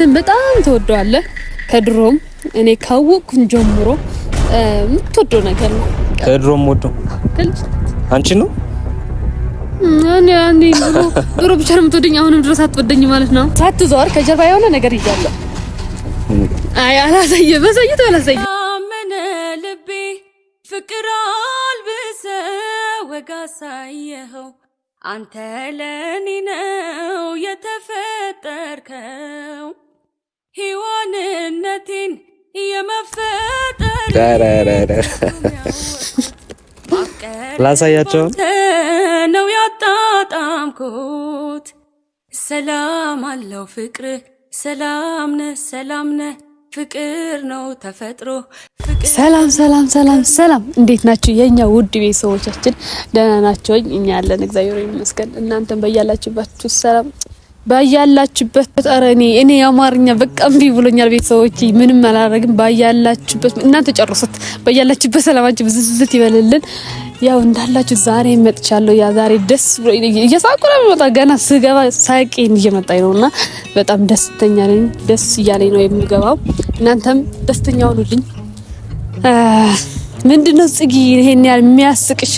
አንተን በጣም ትወደዋለህ። ከድሮም እኔ ካወቅኩን ጀምሮ የምትወደው ነገር ነው። ከድሮም ወዶ አንቺ ነው እኔ አንዴ ድሮ ብቻ ነው የምትወደኝ፣ አሁንም ድረስ አትወደኝ ማለት ነው። ሳትዞር ከጀርባ የሆነ ነገር ይዣለሁ። አይ አላሳየ በሰይት አላሳየ ምን ልቤ ፍቅር አልብሰ ወጋ ሳየኸው አንተ ለኔ ነው የተፈጠርከው ሔዋንነቴን የመፈጠር ላሳያቸው ነው ያጣጣምኩት። ሰላም አለው ፍቅር ሰላም ነ ሰላም ነ ፍቅር ነው ተፈጥሮ። ሰላም ሰላም ሰላም ሰላም፣ እንዴት ናችሁ የእኛ ውድ ቤተሰቦቻችን? ደህና ናቸውኝ? እኛ ያለን እግዚአብሔር ይመስገን። እናንተን በያላችሁባችሁ ሰላም ባያላችሁበት ጠረኔ እኔ የአማርኛ በቃ እምቢ ብሎኛል። ቤተሰቦች ምንም አላረግም። ባያላችሁበት እናንተ ጨርሱት። ባያላችሁበት ሰላማችሁ ብዝዝት ይበልልን። ያው እንዳላችሁ ዛሬ መጥቻለሁ። ያ ዛሬ ደስ ብሎ እየሳቁ ነው የሚመጣ ገና ስገባ ሳቄን እየመጣኝ ነው እና በጣም ደስተኛ ነኝ። ደስ እያለኝ ነው የሚገባው። እናንተም ደስተኛ ሁኑልኝ። ምንድነው ጽጌ ይሄን ያህል የሚያስቅሽ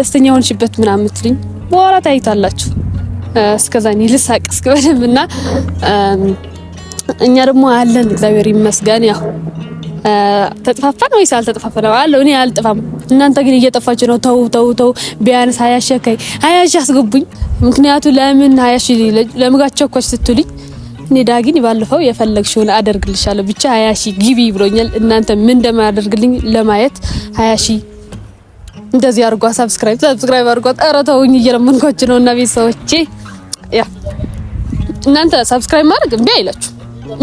ደስተኛ ሆንሽበት ምናምን ትልኝ በኋላ ታይታላችሁ። እስከዛ እኔ ልሳቅ እስክ በደንብ እና እኛ ደግሞ አለን እግዚአብሔር ይመስገን። ያው ተጥፋፋን ወይስ አልተጥፋፋንም? አለው እኔ አልጥፋም፣ እናንተ ግን እየጠፋችሁ ነው። ተው ተው ተው፣ ቢያንስ ሀያ ሺህ ከይ ሀያ አስገቡኝ። ምክንያቱ ለምን ሀያ ለምጋቸው እኮ ስትሉኝ እኔ ዳግን ባለፈው የፈለግሽውን አደርግልሻለሁ ብቻ ሀያ ሺህ ግቢ ብሎኛል። እናንተ ምን እንደማያደርግልኝ ለማየት ሀያ እንደዚህ አድርጓ። ሰብስክራይብ ሰብስክራይብ አድርጓ። ኧረ ተውኝ እየለመንኳችሁ ነው እና ቤተሰቦቼ ያ እናንተ ሰብስክራይብ ማድረግ እምቢ አይላችሁ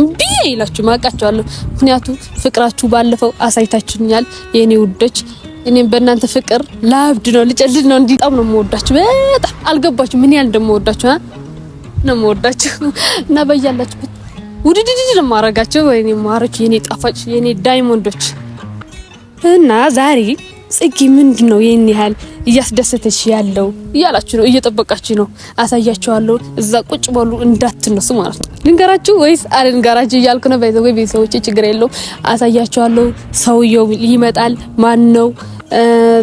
እምቢ አይላችሁ አውቃቸዋለሁ። ምክንያቱ ፍቅራችሁ ባለፈው አሳይታችሁኛል የኔ ውዶች። እኔም በእናንተ ፍቅር ላብድ ነው ልጨልድ ነው። እንዲጣም ነው የምወዳችሁ። በጣም አልገባችሁ ምን ያህል እንደምወዳችሁ ነው የምወዳችሁ እና በያላችሁበት ውድድድ ነው ማረጋችሁ። ወይኔ ማሮች፣ የኔ ጣፋጭ፣ የኔ ዳይሞንዶች እና ዛሬ ጽጌ ምንድን ነው ይህን ያህል እያስደሰተች ያለው እያላችሁ ነው፣ እየጠበቃችሁ ነው። አሳያችኋለሁ። እዛ ቁጭ በሉ እንዳትነሱ ማለት ነው። ልንገራችሁ ወይስ አልንገራችሁ እያልኩ ነው። ባይዘወይ ቤተሰቦች ችግር የለውም። አሳያችኋለሁ። ሰውየው ይመጣል። ማን ነው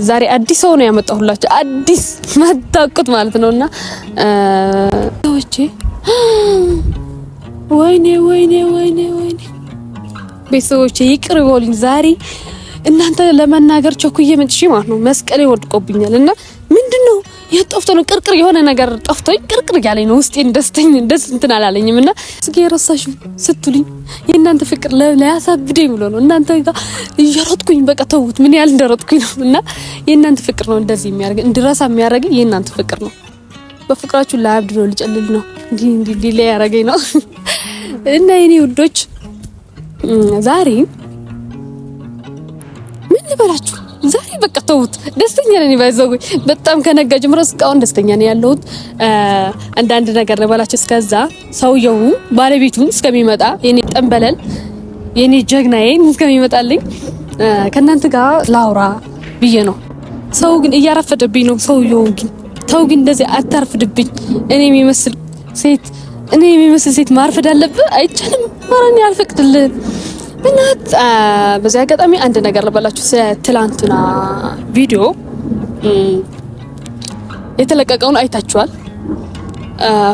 ዛሬ? አዲስ ሰው ነው ያመጣሁላችሁ። አዲስ መታቁት ማለት ነው። እና ሰዎቼ ወይኔ ወይኔ ወይኔ ወይኔ ቤተሰቦቼ ይቅር ይበሉኝ ዛሬ እናንተ ለመናገር ቸኩዬ መጥቼ ማለት ነው መስቀሌ ወድቆብኛል እና ምንድነው የጠፍቶ ነው ቅርቅር የሆነ ነገር ጠፍቶኝ ቅርቅር ያለኝ ነው ውስጤን ደስተኝ ደስ እንትን አላለኝም እና ስጌ ረሳሽ ስትሉኝ የእናንተ ፍቅር ለያሳብደኝ ብሎ ነው እናንተ ጋር እየሮጥኩኝ በቃ ተውት ምን ያህል እንደሮጥኩኝ ነው እና የእናንተ ፍቅር ነው እንደዚህ የሚያደርገኝ እንድረሳ የሚያደርገኝ የእናንተ ፍቅር ነው በፍቅራችሁ ላብድ ነው ልጨልል ነው እንዲ እንዲህ ሊላ ያደረገኝ ነው እና የኔ ውዶች ዛሬ ይበላችሁ። ዛሬ በቃ ተውት፣ ደስተኛ ነኝ። ባይዘው በጣም ከነጋ ጀምሮ እስካሁን ደስተኛ ነኝ ያለሁት። አንዳንድ ነገር ነው ባላችሁ። እስከዛ ሰውየው ባለቤቱን እስከሚመጣ የኔ ጠንበለል የኔ ጀግናዬን እስከሚመጣልኝ ከእናንተ ጋር ላውራ ብዬ ነው። ሰው ግን እያረፈደብኝ ነው። ሰውየው ግን ተው ግን እንደዚህ አታርፍድብኝ። እኔ የሚመስል ሴት እኔ የሚመስል ሴት ማርፈድ አለብህ አይቻልም። ማረን ያልፈቅድልን ብናት በዚህ አጋጣሚ አንድ ነገር ልበላችሁ። ስለ ትላንትና ቪዲዮ የተለቀቀውን አይታችኋል?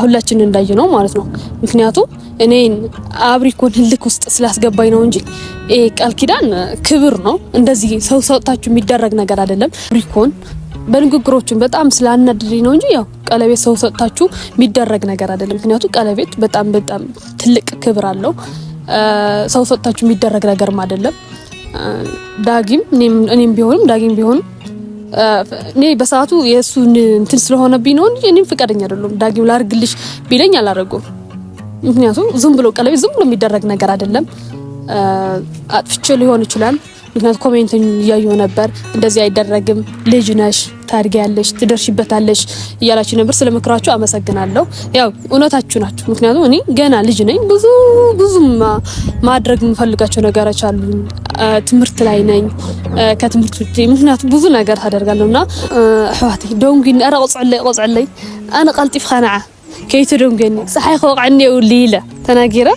ሁላችን እንዳየ ነው ማለት ነው። ምክንያቱም እኔን አብሪኮን ህልክ ውስጥ ስላስገባኝ ነው እንጂ ይሄ ቃል ኪዳን ክብር ነው። እንደዚህ ሰው ሰውታችሁ የሚደረግ ነገር አይደለም። አብሪኮን በንግግሮቹን በጣም ስላናደደኝ ነው እንጂ ያው ቀለቤት ሰው ሰጥታችሁ የሚደረግ ነገር አይደለም። ምክንያቱም ቀለቤት በጣም በጣም ትልቅ ክብር አለው። ሰው ሰጥታችሁ የሚደረግ ነገርም አይደለም። ዳጊም እኔም ቢሆንም ዳጊም ቢሆንም እኔ በሰዓቱ የእሱን እንትን ስለሆነብኝ ነው እንጂ እኔም ፍቃደኛ አይደለም። ዳጊም ላርግልሽ ቢለኝ አላረገውም። ምክንያቱም ዝም ብሎ ቀለቤት ዝም ብሎ የሚደረግ ነገር አይደለም። አጥፍቼ ሊሆን ይችላል ምክንያቱም ኮሜንትን እያየሁ ነበር። እንደዚህ አይደረግም፣ ልጅ ነሽ፣ ታድጊያለሽ፣ ትደርሽበታለሽ እያላችሁ ነበር። ስለ ምክራችሁ አመሰግናለሁ። ያው እውነታችሁ ናችሁ። ምክንያቱም እኔ ገና ልጅ ነኝ። ብዙ ብዙ ማድረግ የምፈልጋቸው ነገሮች አሉ። ትምህርት ላይ ነኝ፣ ከትምህርት ውጭ ምክንያቱ ብዙ ነገር ታደርጋለሁ እና ኣሕዋተይ ደንጉኒ ኧረ ቆፅዕለይ ቆፅዕለይ ኣነ ከነዓ ከይቱ ደንጉኒ ፀሓይ ከወቅዐኒ የብሉ ኢለ ተናጊረ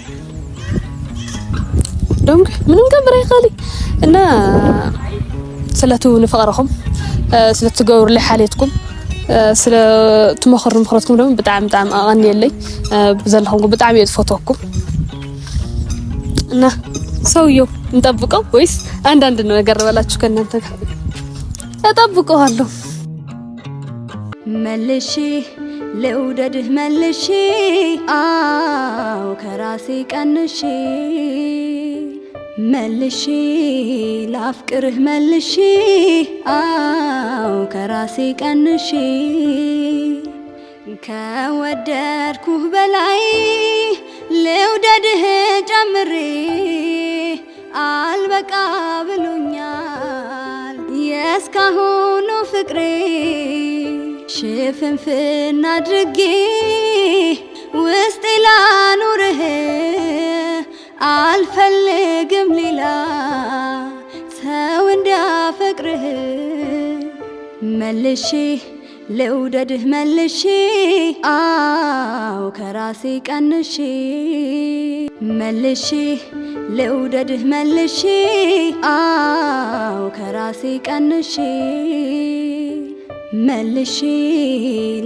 ደምክ ምንም ገብረ ይኸሊ እና ስለቱ ንፍቕረኹም ስለ ትገብሩሉ ሓልየትኩም ስለ ትመኽሩ ምኽረትኩም ደግሞ ብጣዕሚ ብጣዕሚ ኣቐኒየለይ ብዘለኹምኩም ብጣዕሚ እየ ዝፈትወኩም እና ሰውየው እንጠብቀው ወይስ አንዳንድ ነገር በላችሁ ከእናንተ ጋር እጠብቀዋለሁ። መልሺ ልውደድህ መልሺ አው ከራሴ ቀንሺ መልሼ ላፍቅርህ መልሼ አው ከራሴ ቀንሼ ከወደድኩህ በላይ ልውደድህ ጨምሬ አልበቃ ብሎኛል የእስካሁኑ ፍቅሬ ሽፍንፍን አድርጌ ውስጤ ላኑርህ አልፈልግም ሌላ ሰው እንዳፈቅርህ መልሼ ልውደድህ መልሼ አው ከራሴ ቀንሼ መልሼ ልውደድህ መልሼ አው ከራሴ ቀንሼ መልሼ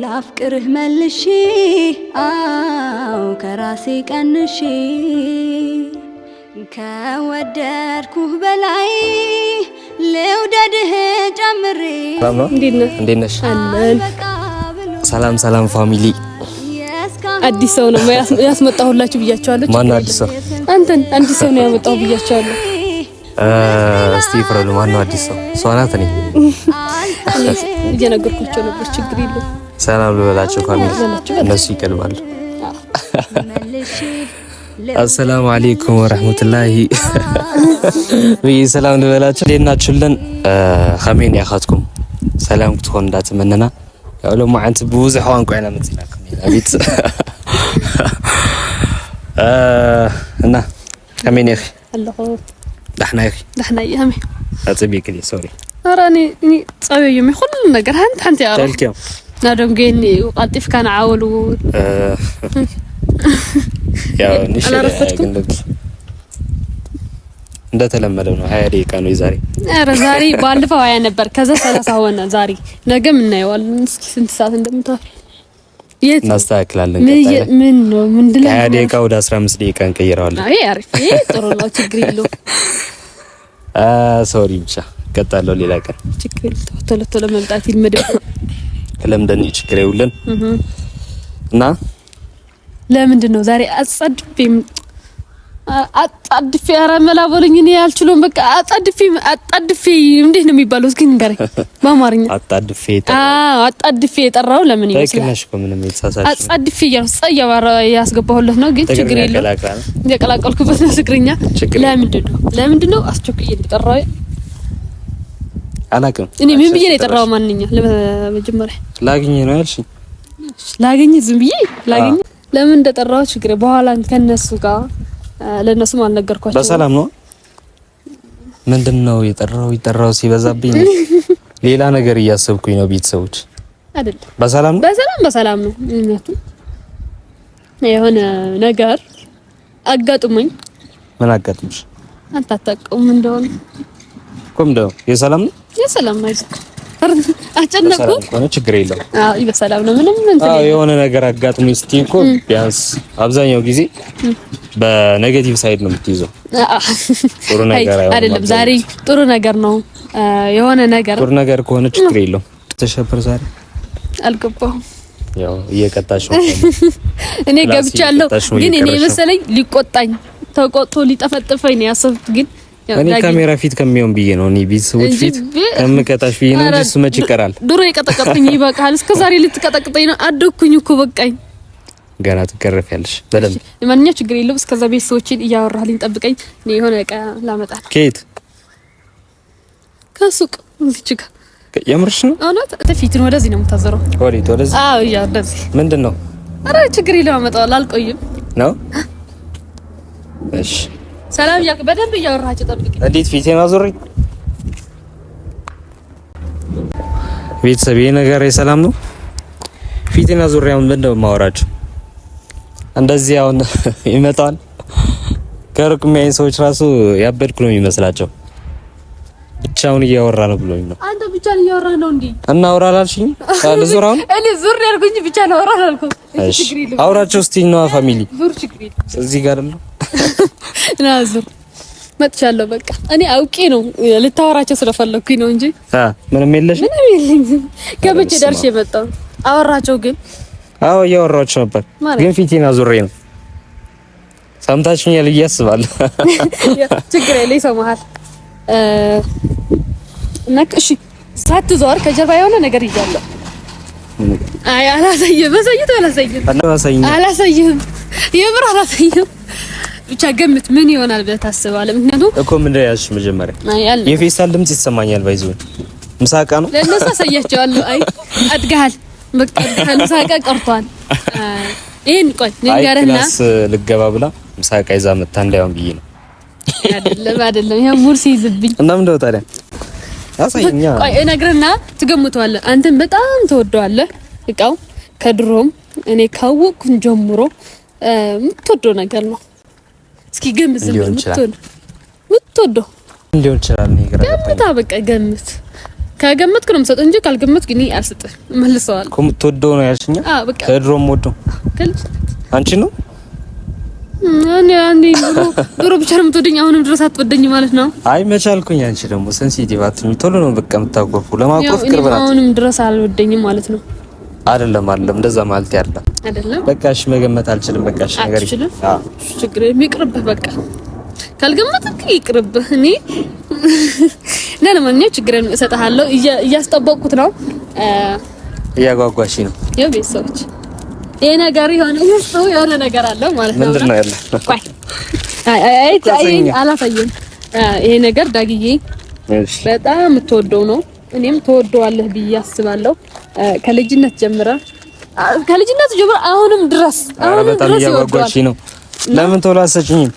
ላፍቅርህ መልሼ አው ከራሴ ቀንሼ ከወደድኩህ በላይ ልውደድህ ጨምሬ። ሰላም ሰላም ፋሚሊ፣ አዲስ ሰው ነው ያስመጣሁላችሁ ብያቸዋለሁ። ማን አዲስ ሰው? አንተን አዲስ ሰው ነው ያመጣሁ ብያቸዋለሁ። እስቲ ፍረዱ። ማነው አዲስ ሰው? እሷ ናት። እኔ እየነገርኳቸው ነበር። ችግር የለውም ሰላም ልበላቸው ፋሚሊ፣ እነሱ ይቀድማሉ። አሰላሙ አሌይኩም ወረህመቱላሂ ብዬ ሰላም ልበላቸው። እንዴት ናችሁልን? ከመይ ያካትኩም ሰላም ክትኾን እንዳትመነና ያው ሎማ ዓንቲ ብብዙሕ ቋንቋ ኢና መፂናኩም ኢና ቤት እና ከመይ ይኸ ኣለኹ ዳሕናይ ዳሕናይ እያሚ ኣፀቢቅ ድየ ሶሪ ኣረ እኒ እኒ ፀበዩ ሚ ኩሉ ነገር ሓንቲ ሓንቲ ያ ተልክዮም ናዶም ጌኒ እዩ ቃጢፍካ ንዓወል እውን ያው ንሽግን እንደተለመደው ነው ሀያ ደቂቃ ነው ዛሬ። ኧረ ዛሬ ባለፈው ሀያ ነበር፣ ከዛ ሰላሳ ሆነ። ዛሬ ነገ እናየዋለን እስኪ ስንት ሰዓት እንደምታል እናስተካክላለን። ምን ነው ደቂቃ ወደ አስራ አምስት ደቂቃ እንቀይረዋለን። አይ አሪፍ፣ ጥሩ ነው። ችግር የለውም። ሶሪ ብቻ እቀጣለሁ። ሌላ ቀን ችግር ቶሎ ቶሎ መምጣት ችግር ይውልን እና ለምንድን ነው ዛሬ አጸድቤም አጣድፌ ኧረ መላ በሉኝ። እኔ አልችልም። በቃ አጣድፌ አጣድፌ እንዴት ነው የሚባለው? እስኪ ንገረኝ በአማርኛ። አጣድፌ የጠራው አዎ፣ አጣድፌ የጠራው ለምን ይመስላል? አጣድፌ ያስገባሁለት ነው፣ ግን ችግር የለውም። የቀላቀልኩበት ነው ትግርኛ። ለምንድን ነው ለምንድን ነው አስቸኩዬ የጠራው አላውቅም። እኔ ምን ብዬ ነው የጠራው? ማንኛ ለመጀመሪያ ላግኝ ነው ያልሽኝ? ላግኝ ዝም ብዬ ላግኝ። ለምን እንደጠራው ችግር በኋላ ከነሱ ጋር ለእነሱም አልነገርኳቸው። በሰላም ነው። ምንድን ነው የጠራው የጠራው ሲበዛብኝ ሌላ ነገር እያሰብኩኝ ነው። ቤተሰቦች አይደል? በሰላም ነው፣ በሰላም በሰላም ነው። የሆነ ነገር አጋጥሞኝ። ምን አጋጥሞሽ? አንተ አታውቀውም እንደሆነ እኮ የሰላም ነው፣ የሰላም ነው። አጨነቁ ችግር የለም። አዎ ነው ምንም እንትን የሆነ ነገር እኮ ቢያንስ አብዛኛው ጊዜ በኔጌቲቭ ሳይድ ነው የምትይዘው። ጥሩ ነገር አይደለም። ዛሬ ጥሩ ነገር ነው የሆነ ነገር ጥሩ ነገር ከሆነ ችግር ተሸበር ዛሬ አልገባሁም። ያው እየቀጣሽ ነው። እኔ ገብቻለሁ፣ ግን እኔ መሰለኝ ሊቆጣኝ ተቆጥቶ ሊጠፈጥፈኝ ነው ያሰብኩት ግን እኔ ካሜራ ፊት ከሚሆን ብዬ ነው። እኔ ቤተሰቦች ፊት ከምቀጣሽ ብዬ ነው እንጂ እሱ መች ይቀራል። ድሮ የቀጠቀጥኝ ይበቃል። እስከ ዛሬ ልትቀጠቅጠኝ ነው። አደኩኝ እኮ በቃኝ። ገና ትገረፊያለሽ በደንብ። ማንኛውም ችግር የለውም። እስከዛ ቤተሰቦችን እያወራህልኝ ጠብቀኝ። እኔ የሆነ ዕቃ ላመጣ ነው። ከየት? ከሱቅ እዚች ጋር። የምርሽ ነው? እውነት ፊትን ወደዚህ ነው የምታዘረው? ወዴት? ወደዚህ? አዎ፣ ያ ወደዚህ። ምንድን ነው? ኧረ ችግር የለውም። አመጣዋለሁ። አልቆይም ነው። እሺ ሰላም እያልክ በደንብ እያወራችሁ ጠብቅ። እንዴት ፊቴን አዙሪ ቤተሰብ ይሄ ነገር የሰላም ነው። ፊቴን አዙሪ አሁን ምንድን ነው የማወራችሁ? እንደዚህ አሁን ይመጣል ከሩቅ የሚያዩኝ ሰዎች ራሱ ያበድኩ ነው የሚመስላቸው። ብቻውን እያወራ ነው ብሎኝ ነው። አንተ ብቻን እያወራ ነው እንዴ? እና አውራ አላልሽኝ? ዙር አሁን እኔ ዙር ያልኩኝ ብቻ ነው አውራ አላልኩም። እሺ አውራቸው እስቲ ነው ፋሚሊ ዙር ችግር እዚህ ጋር አይደለም ናዙር መጥቻለሁ። በቃ እኔ አውቄ ነው ልታወራቸው ስለፈለኩኝ ነው እንጂ ምንም የለሽ ምንም የለኝ። ገብቼ ደርሼ የመጣው አወራቸው ግን አዎ እያወራቸው ነበር፣ ግን ፊቴን አዙሬ ነው። ሰምታችሁኛል ብዬ አስባለሁ። ችግር የለ ይሰማሃል። ነክ እሺ፣ ሳትዞር ከጀርባ የሆነ ነገር ይዣለሁ። አይ አላሳየህም፣ አሳይተህ አላሳየህም፣ አላሳየህም፣ የምር አላሳየህም ብቻ ገምት፣ ምን ይሆናል ብለህ ታስባለህ? ምክንያቱም እኮ ምንድን ነው ያልሽው መጀመሪያ? የፌስታል ድምጽ ይሰማኛል። ባይዞ ምሳቃ ነው ለእነሱ አሳያቸዋለሁ። አይ አድጋል በቃ ምሳቃ ቀርቷል። ይሄን ቆይ ንገረና ልገባ ብላ ምሳቃ ይዛ መጣ እንዳይሆን ብዬ ነው። አይደለም አይደለም፣ ያ ሙርሲ ይዝብኝ እና ምን ነው ታዲያ አሳይኛ። ቆይ እነግርና ትገምተዋለህ። አንተን በጣም ተወደዋለህ እቃው ከድሮም እኔ ካወቅኩን ጀምሮ የምትወደው ነገር ነው እስኪ ገምት። ዝም ሊሆን ይችላል። ገምታ፣ በቃ ገምት። ከገመትክ ነው የምሰጥ እንጂ ካልገመትክ እኔ አልሰጥም። መልሰዋል እኮ የምትወደው ነው ያልሽኝ። አዎ በቃ ከድሮም ወደው አንቺ ነው እኔ አንዴ ድሮ ድሮ ብቻ ነው የምትወደኝ፣ አሁንም ድረስ አትወደኝ ማለት ነው። አይ መቻልኩኝ። አንቺ ደግሞ ሴንሲቲቭ አትሁኝ። ቶሎ ነው በቃ የምታቆርፉ። ለማቆፍ ቅርብ ናት። አሁንም ድረስ አልወደኝም ማለት ነው። አይደለም አይደለም፣ እንደዛ ማለት ያለ አይደለም። በቃ እሺ፣ መገመት አልችልም። በቃ እሺ፣ ነገር አዎ፣ ችግር ይቅርብህ። በቃ ካልገመትክ ይቅርብህ። እኔ ለማንኛውም ችግርን እሰጥሃለሁ። እያስጠበቅኩት ነው፣ እያጓጓሽ ነው። ያው ቤተሰቦች ይሄ ነገር የሆነ ሰው የሆነ ነገር አለው ማለት ነው። ምንድን ነው ያለ? አይ አላሳየም። ይሄ ነገር ዳግዬ በጣም የምትወደው ነው እኔም ተወደዋለህ ብዬ አስባለሁ። ከልጅነት ጀምረ ከልጅነት ጀምረ አሁንም ድረስ አሁንም ድረስ ይወደዋል ነው። ለምን ቶሎ አሰጭኝም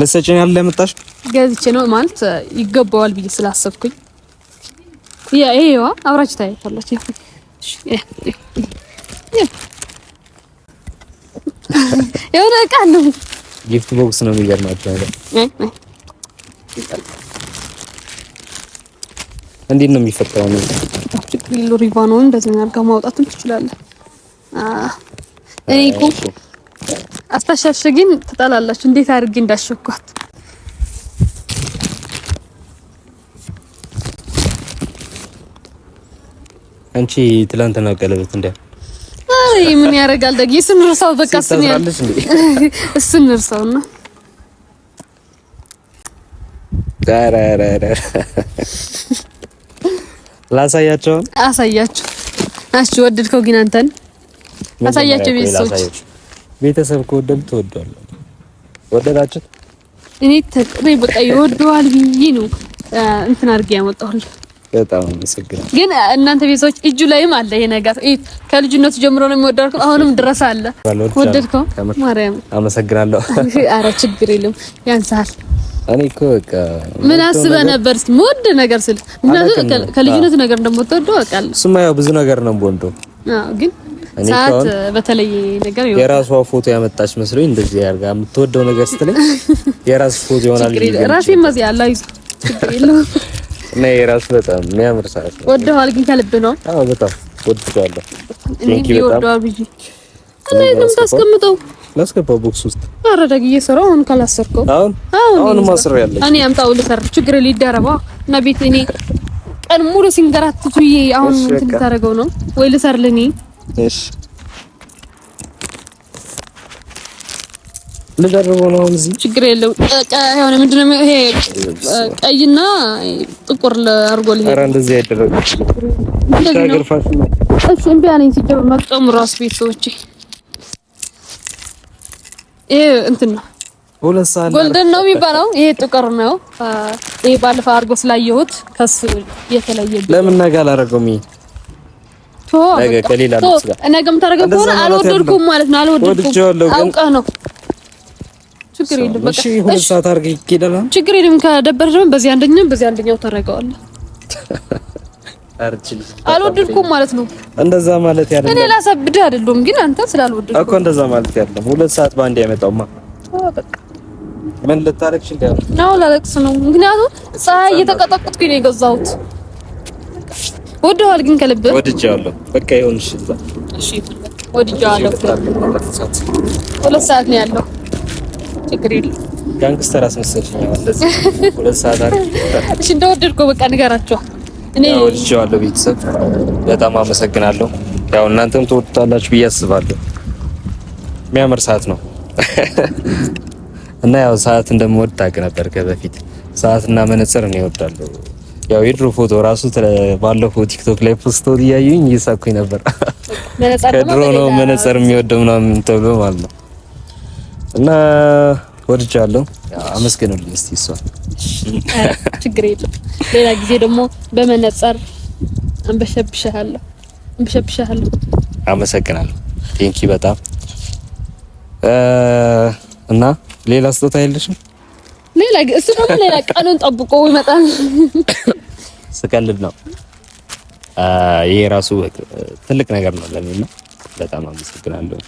ለሰጭኝ ያለ ለምጣሽ ገዝቼ ነው ማለት ይገባዋል ብዬ ስላሰብኩኝ ያ ይሄዋ አብራችሁ ታያታላችሁ። የሆነ ዕቃ ነው ጊፍት ቦክስ ነው የሚገርማቸው ነገር እንዴት ነው የሚፈጠረው? ነው ችግር ሪቫኖን እንደዚህ አድርጋ ማውጣትም ትችላለህ። እኔ እኮ አስታሻሸግን ትጠላላችሁ። እንዴት አድርጌ እንዳሸኳት አንቺ ትላንትና ቀለበት እንደ አይ ምን ያደርጋል ደግ እሱን እርሳው። በቃ እሱን ያል እሱን እርሳውና ዳራ ዳራ ላሳያቸው አሳያቸው። እሺ ወደድከው ግን አንተን አሳያቸው። ቤተሰቦች ቤተሰብ ከወደዱ ተወዷል። ወደዳችሁት? እኔ ተቅሬ በቃ ይወደዋል ብዬ ነው እንትን አድርጌ ያመጣሁል። በጣም አመሰግናለሁ። ግን እናንተ ቤተሰቦች እጁ ላይም አለ ይሄ ነገር። ከልጅነቱ ጀምሮ ነው የሚወደው። አሁንም ድረስ አለ። ወደድከው? ማርያም አመሰግናለሁ። ኧረ ችግር የለም ያንሳል እኔ እኮ በቃ ምን አስበህ ነበር? እስኪ ሞድ ነገር ስል ምክንያቱም ከልጅነት ነገር እንደምትወደው አውቃለሁ። እሱማ ያው ብዙ ነገር ነው የምወደው። አዎ፣ ግን ሰዓት በተለይ ነገር ይወጣ የራሷ ፎቶ ያመጣች መስሎኝ እንደዚህ ያርጋ የምትወደው ነገር ስትለኝ የራስ ፎቶ ይሆናል። ራሴ ማዚ አላህ እና የራስ በጣም የሚያምር ሰዓት ነው። ወደዋል፣ ግን ከልብ ነው። አዎ፣ በጣም ወድጃለሁ። እኔ ይወደዋል ብዬ እና የት ነው ላስገባው ቦክስ ውስጥ አረዳግ እየሰራው አሁን ካላሰርከው አሁን አሁን ማስረ ያለኝ እኔ አምጣው ልሰር ችግር ሊደረባ እና ቤት እኔ ቀን ሙሉ ሲንገራትቱ አሁን እንትን ታደርገው ነው ወይ ልሰር ለኔ እሺ ልደርበው ነው አሁን እዚህ ችግር የለው። የሆነ ምንድን ነው ይሄ ቀይና ጥቁር አድርጎ ልሄድ። ኧረ እንደዚህ አይደረግም። እሺ እምቢ አለኝ ሲጀምር መቅጠሙ ራስ ቤት ሰዎቼ ይሄ እንትን ነው ሁለት ሰዓት ጎልደን ነው የሚባለው። ይሄ ጥቁር ነው። ይሄ ባለፈው አድርጎ ስላየሁት ከሱ የተለየ ለምን ነገ አላደረገውም? ይሄ ነገ ከሌላ ነው ስጋ ነገ የምታደርገው ከሆነ አልወደድኩም ማለት ነው። አልወደድኩም አውቀህ ነው። ችግር የለም በቃ እሺ፣ ሁለት ሰዓት አድርገህ ይኬዳል። ችግር የለም። ከደበረ ደግሞ በዚህ አንደኛው በዚህ አንደኛው ታደርገዋለህ። አልወደድኩም ማለት ነው። እንደዛ ማለት ያለ እኔ ላሳብድህ አይደለም፣ ግን አንተ ስላልወደድኩ እኮ እንደዛ ማለት ያለ ሁለት ሰዓት በአንድ ያመጣውማ። በቃ ምን ልታረክሽ? አዎ ላለቅስ ነው። ምክንያቱም ፀሐይ እየተቀጠቀጥኩኝ ነው የገዛሁት። ወደዋል ግን ከልብ ወድጃለሁ። በቃ ይሁን። እሺ እሺ፣ ወድጃለሁ። ሁለት ሰዓት ነው ያለው። ችግር የለም። ጋንግስተር አስመሰልሽኝ። ሁለት ሰዓት አይደል? እሺ እንደወደድኩ በቃ ንገራቸው ወድጀዋለሁ። ቤተሰብ በጣም አመሰግናለሁ። ያው እናንተም ትወዱታላችሁ ብዬ አስባለሁ። የሚያምር ሰዓት ነው እና ያው ሰዓት እንደምወድ ታውቅ ነበር ከበፊት። ሰዓትና መነጽር ነው እወዳለሁ። ያው የድሮ ፎቶ ራሱ ባለፈው ቲክቶክ ላይ ፖስቶ እያዩኝ እየሳኩኝ ነበር። ከድሮ ነው መነጽር የሚወደው ምናምን ተብሎ ማለት ነው እና ወድጃለሁ። አመስገኑልኝ እስቲ። እሷ ችግር የለም ሌላ ጊዜ ደግሞ በመነጸር እንበሸብሻለሁ እንበሸብሻለሁ። አመሰግናለሁ። ቴንኪ በጣም እና ሌላ ስጦታ የለሽም? ሌላ እሱ ደግሞ ሌላ ቀኑን ጠብቆ ይመጣል። ስቀልድ ነው። ይሄ ራሱ ትልቅ ነገር ነው ለኔና በጣም አመሰግናለሁ።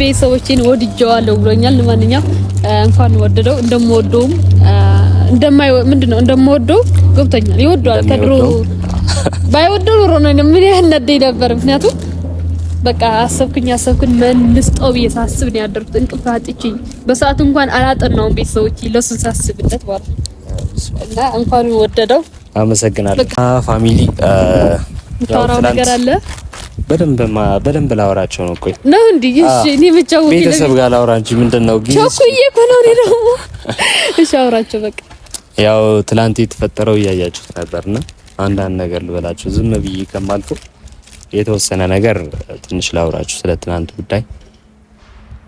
ቤተሰቦቼን ወድጀዋለሁ ብሎኛል። ለማንኛውም እንኳን ወደደው እንደምወደውም እንደማይ ምንድነው እንደምወደው ገብቶኛል። ይወደዋል ከድሮ ባይወደው ኑሮ ነው ምን ያህል ነደኝ ነበር። ምክንያቱም በቃ አሰብኩኝ አሰብኩኝ መልስጠው ብዬ ሳስብ ነው ያደርኩት። እንቅልፍ አጥቼ በሰዓት እንኳን አላጠናውም ቤተሰቦቼ ለሱን ሳስብለት ማለት እና እንኳን ወደደው አመሰግናለሁ ፋሚሊ በደንብ በደንብ ላወራቸው ነው። ቆይ ነው እንዴ? እሺ፣ እኔ ብቻው ቤተሰብ ጋር ላወራ እንጂ ምንድነው እሺ፣ አውራቸው በቃ። ያው ትላንት የተፈጠረው እያያችሁት ነበርና አንዳንድ ነገር ልበላችሁ። ዝም ብዬ ከማልኩ የተወሰነ ነገር ትንሽ ላውራችሁ ስለ ትናንት ጉዳይ።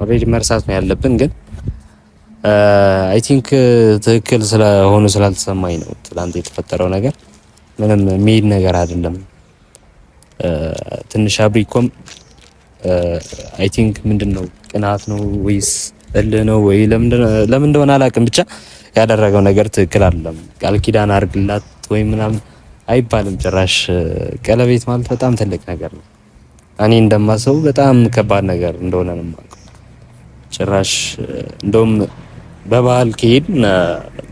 ኦልሬዲ መርሳት ነው ያለብን፣ ግን አይ ቲንክ ትክክል ስለሆኑ ስላልተሰማኝ ነው። ትናንት የተፈጠረው ነገር ምንም የሚሄድ ነገር አይደለም። ትንሽ አብሪኮም አይ ቲንክ ምንድን ነው ቅናት ነው ወይስ እልህ ነው ወይ ለምን እንደሆነ አላውቅም። ብቻ ያደረገው ነገር ትክክል አይደለም። ቃል ኪዳን አድርግላት ወይም ምናምን አይባልም ጭራሽ። ቀለቤት ማለት በጣም ትልቅ ነገር ነው። እኔ እንደማሰው በጣም ከባድ ነገር እንደሆነ ነው የማውቀው። ጭራሽ እንደውም በባህል ከሄድ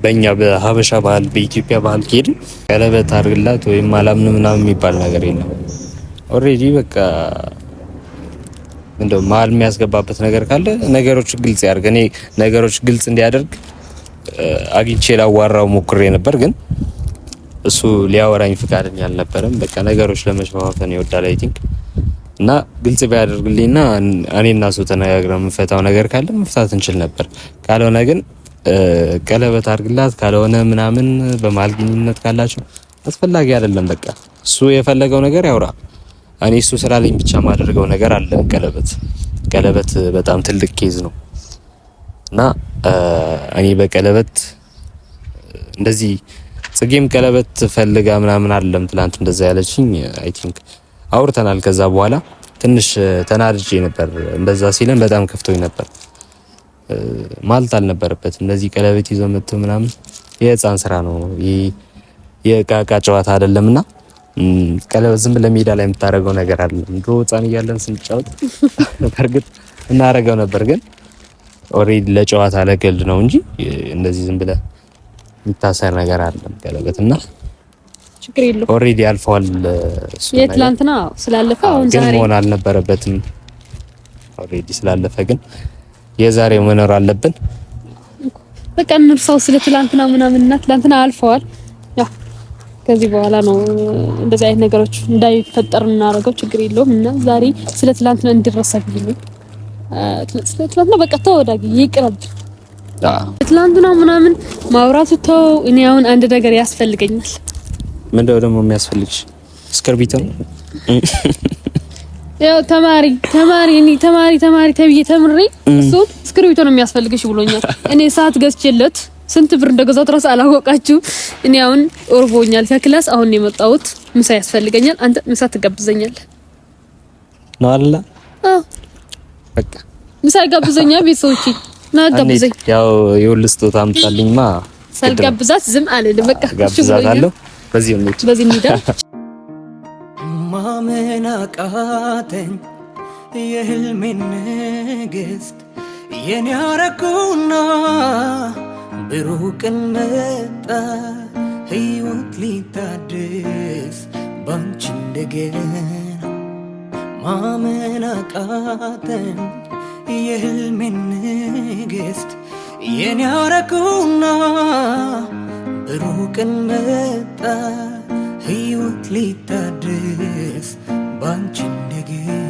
በእኛ በሀበሻ ባህል በኢትዮጵያ ባህል ከሄድ ቀለበት አድርግላት ወይም አላምን ምናምን የሚባል ነገር የለም። ኦሬዲ በቃ እንደው መሀል የሚያስገባበት ነገር ካለ ነገሮች ግልጽ ያድርግ። እኔ ነገሮች ግልጽ እንዲያደርግ አግኝቼ ላዋራው ሞክሬ ነበር፣ ግን እሱ ሊያወራኝ ፍቃደኛ አልነበረም። በቃ ነገሮች ለመሸፋፈን ይወዳል አይ ቲንክ እና ግልጽ ቢያደርግልኝና እኔና እሱ ተነጋግረን የምንፈታው ነገር ካለ መፍታት እንችል ነበር። ካልሆነ ግን ቀለበት አድርግላት ካልሆነ ምናምን በማልግኝነት ካላችሁ ካላቸው አስፈላጊ አይደለም። በቃ እሱ የፈለገው ነገር ያውራ። እኔ እሱ ስላለኝ ብቻ ማደርገው ነገር አለ። ቀለበት ቀለበት በጣም ትልቅ ኬዝ ነው እና እኔ በቀለበት እንደዚህ ጽጌም ቀለበት ፈልጋ ምናምን አለም ትላንት እንደዛ ያለችኝ አይ ቲንክ አውርተናል። ከዛ በኋላ ትንሽ ተናድጄ ነበር። እንደዛ ሲለን በጣም ከፍቶኝ ነበር። ማለት አልነበረበት እንደዚህ ቀለበት ይዞ መጥቶ ምናምን የህፃን ስራ ነው፣ የቃቃ ጨዋታ አይደለምና ቀለበት ዝም ብለህ ሜዳ ላይ የምታደርገው ነገር አለ። ድሮ ህፃን እያለን ስንጫወት በእርግጥ እናደርገው ነበር፣ ግን ኦልሬዲ ለጨዋታ ለገል ነው እንጂ እንደዚህ ዝም ብለህ የሚታሰር ነገር አለም ቀለበት እና ችግር የለውም። ኦልሬዲ አልፈዋል። የትላንትና ስላለፈ አሁን ዛሬ ግን መሆን አልነበረበትም። ኦልሬዲ ስላለፈ ግን የዛሬው መኖር አለብን። በቃ እንርሳው ስለ ትላንትና ምናምን እና ትላንትና አልፈዋል። ከዚህ በኋላ ነው እንደዚህ አይነት ነገሮች እንዳይፈጠር እናደርገው። ችግር የለውም እና ዛሬ ስለ ትላንት ትላንትና እንዲረሳብኝ ስለ ትላንት ነው በቃ ተወዳጊ ይቅረብ። ትላንትና ምናምን ማውራቱ ተው። እኔ አሁን አንድ ነገር ያስፈልገኛል። ምንድነው ደግሞ የሚያስፈልግሽ? እስክርቢቶ ነው ያው ተማሪ ተማሪ እኔ ተማሪ ተማሪ ተብዬ ተምሬ እሱ እስክርቢቶ ነው የሚያስፈልግሽ ብሎኛል። እኔ ሰዓት ገዝቼለት ስንት ብር እንደገዛው ትራስ አላወቃችሁ። እኔ አሁን እርቦኛል ከክላስ አሁን የመጣሁት ምሳ ያስፈልገኛል። አንተ ምሳ ትጋብዘኛለህ ነው አይደል? አዎ በቃ ምሳ ይጋብዘኛ ቤተሰቦቼ ና ጋብዘኝ። ያው የሁሉ ስጦታ አምጣልኝማ ሳልጋብዛት ዝም አልልም። በቃ ጋብዛታለሁ። በዚህ ነው በዚህ ሚዳ ማመን አቃተኝ የህልሜ ንግስት የኔ አረኩና ብሩቅን መጣ ሕይወት ሊታድስ ባንቺ እንደገና ማመን አቃተኝ የሕልሜን ንግሥት የኔ አረኩና ብሩቅን መጣ ሕይወት ሊታድስ ባንቺ እንደገና